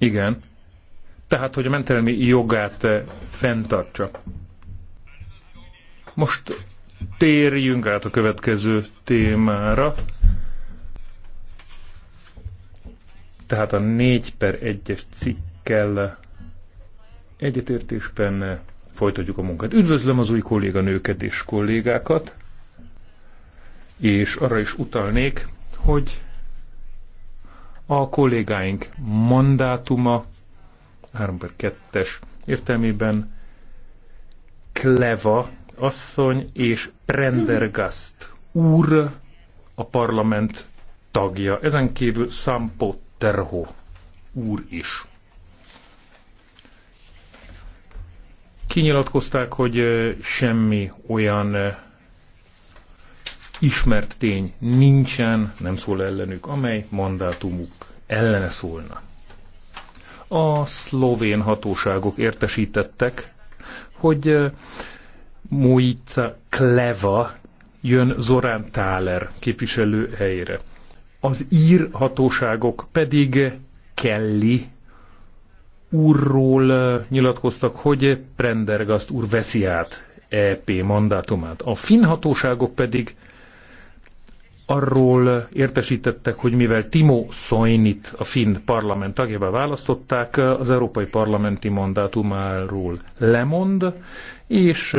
Igen. Tehát, hogy a mentelmi jogát eh, fenntartsa. Most térjünk át a következő témára. Tehát a 4 per 1-es cikkel egyetértésben eh, folytatjuk a munkát. Üdvözlöm az új kolléganőket és kollégákat, és arra is utalnék, hogy a kollégáink mandátuma 3 per 2-es értelmében Kleva asszony és Prendergast úr a parlament tagja. Ezen kívül Sampo Terho úr is. Kinyilatkozták, hogy semmi olyan ismert tény nincsen, nem szól ellenük, amely mandátumuk ellene szólna. A szlovén hatóságok értesítettek, hogy Mojica Kleva jön Zorán Táler képviselő helyére. Az ír hatóságok pedig Kelly úrról nyilatkoztak, hogy Prendergast úr veszi át EP mandátumát. A finn hatóságok pedig arról értesítettek, hogy mivel Timo Soinit a finn parlament tagjává választották, az európai parlamenti mandátumáról lemond, és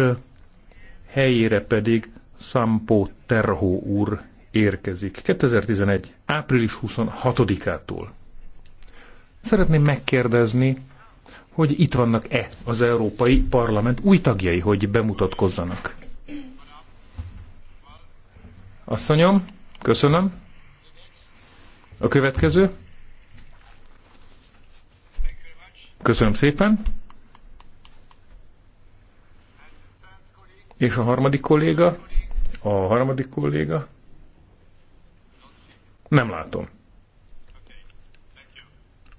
helyére pedig Sampo Terho úr érkezik 2011. április 26-ától. Szeretném megkérdezni, hogy itt vannak-e az Európai Parlament új tagjai, hogy bemutatkozzanak. Asszonyom, Köszönöm. A következő. Köszönöm szépen. És a harmadik kolléga? A harmadik kolléga? Nem látom.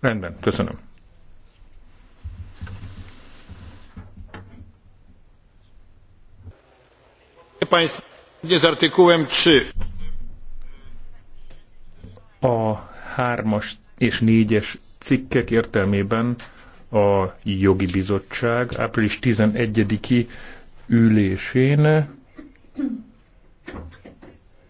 Rendben, köszönöm. Panie Państwo, zgodnie 3 a hármas és négyes cikkek értelmében a jogi bizottság április 11-i ülésén